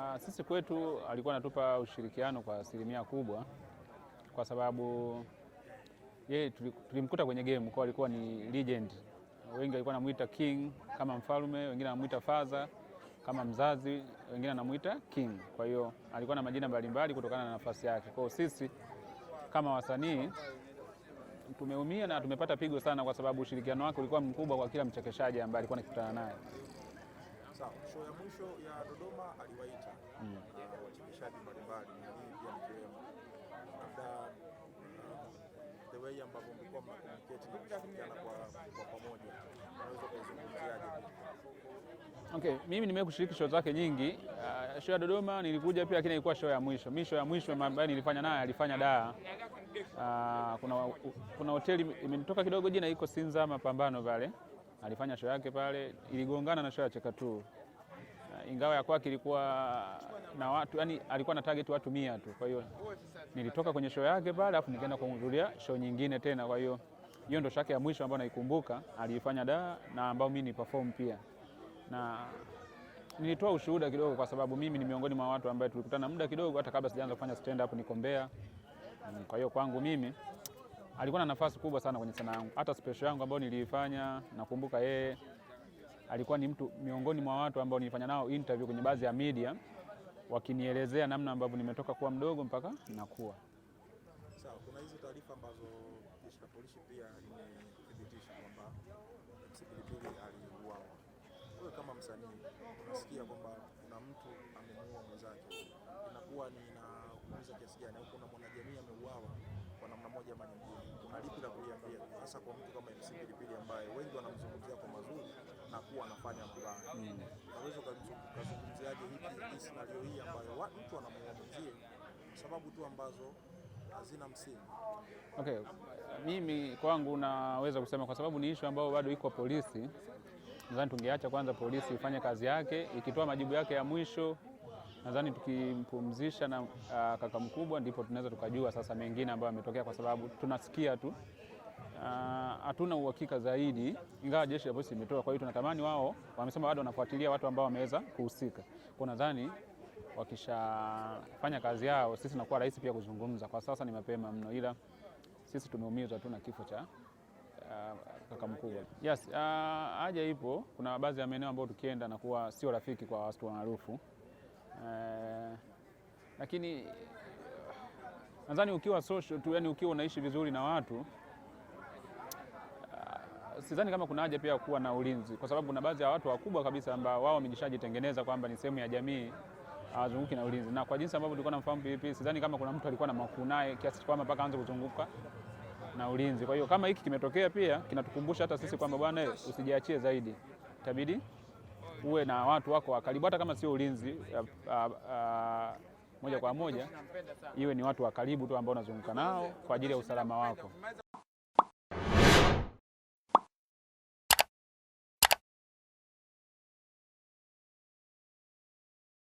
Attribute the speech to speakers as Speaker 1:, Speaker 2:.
Speaker 1: Ah, sisi kwetu alikuwa anatupa ushirikiano kwa asilimia kubwa, kwa sababu yeye tulimkuta kwenye game kwa alikuwa ni legend. Wengi walikuwa namuita king kama mfalme, wengine anamuita father kama mzazi, wengine anamuita king. Kwa hiyo alikuwa na majina mbalimbali kutokana na nafasi yake. Kwa hiyo sisi kama wasanii tumeumia na tumepata pigo sana, kwa sababu ushirikiano wake ulikuwa mkubwa kwa kila mchekeshaji ambaye alikuwa anakutana naye.
Speaker 2: Sawa, show ya mwisho ya Dodoma aliwaita wachekeshaji mbalimbali pia mkiwemo, labda uh, the way ambavyo mlikuwa mnakomuniketi na kushirikiana kwa pamoja, unaweza
Speaker 1: Okay, mimi nimewahi kushiriki show zake nyingi. Uh, show ya Dodoma nilikuja pia, lakini ilikuwa show ya mwisho. Mimi show ya mwisho ambayo nilifanya naye alifanya daa. Uh, kuna, kuna hoteli imenitoka kidogo jina, iko Sinza Mapambano pale, alifanya show yake pale, iligongana na show ya Chekatu ingawa ya kwake ilikuwa na watu yani, alikuwa na target watu mia tu. Kwa hiyo nilitoka kwenye show yake pale, alafu nikaenda kuhudhuria show nyingine tena. Kwa hiyo hiyo ndo shake ya mwisho ambayo naikumbuka aliifanya da, na ambao mimi ni perform pia, na nilitoa ushuhuda kidogo, kwa sababu mimi ni miongoni mwa watu ambao tulikutana muda kidogo, hata kabla sijaanza kufanya stand up nikombea. Mm, kwa hiyo kwangu mimi alikuwa na nafasi kubwa sana kwenye sanaa yangu, hata special yangu ambayo niliifanya nakumbuka yeye alikuwa ni mtu miongoni mwa watu ambao nilifanya nao interview kwenye baadhi ya media, wakinielezea namna ambavyo nimetoka kuwa mdogo mpaka nakuwa
Speaker 2: sawa. Kuna hizo taarifa ambazo jeshi la polisi pia limethibitisha kwamba MC Pilipili aliuawa. Wewe kama msanii unasikia kwamba kuna mtu amemuua mwenzake, inakuwa ni naumiza kiasi gani? Au kuna mwanajamii ameuawa kwa namna moja ama nyingine, kuna lipi la kuliambia hasa kwa mtu kama MC Pilipili ambaye wengi wanamzungumzia kwa mazuri na kuwa anafanya mabaya. Mm. Unaweza ukazungumziaje hii scenario hii ambayo mtu anamwamzie sababu tu ambazo hazina msingi?
Speaker 1: Okay, mimi kwangu naweza kusema kwa sababu ni ishu ambayo bado iko polisi, nadhani tungeacha kwanza polisi ifanye kazi yake, ikitoa majibu yake ya mwisho nadhani tukimpumzisha na uh, kaka mkubwa ndipo tunaweza tukajua sasa mengine ambayo yametokea, kwa sababu tunasikia tu Ah, hatuna uh, uhakika zaidi, ingawa jeshi la polisi imetoa. Kwa hiyo tunatamani wao, wamesema bado wanafuatilia watu ambao wameweza kuhusika. Kwa nadhani wakishafanya kazi yao, sisi nakuwa rahisi pia kuzungumza. Kwa sasa ni mapema mno, ila sisi tumeumizwa tu na kifo cha uh, kaka mkubwa. Yes, uh, ipo. Kuna baadhi ya maeneo ambayo tukienda na kuwa sio rafiki kwa watu maarufu uh, lakini nadhani ukiwa social tu, yani ukiwa unaishi vizuri na watu sidhani kama kuna haja pia kuwa na ulinzi, kwa sababu kuna baadhi ya watu wakubwa kabisa ambao wao wamejishajitengeneza kwamba ni sehemu ya jamii awazunguki na ulinzi, na kwa jinsi ambavyo tulikuwa tunamfahamu PPP, sidhani kama kuna mtu alikuwa na makuu naye kiasi kwamba mpaka aanze kuzunguka na ulinzi. Kwa hiyo kama hiki kimetokea, pia kinatukumbusha hata sisi kwamba bwana, usijiachie zaidi, itabidi uwe na watu wako wa karibu, hata kama sio ulinzi a, a, a, moja kwa moja, iwe ni watu wa karibu tu ambao unazunguka nao kwa ajili ya usalama wako.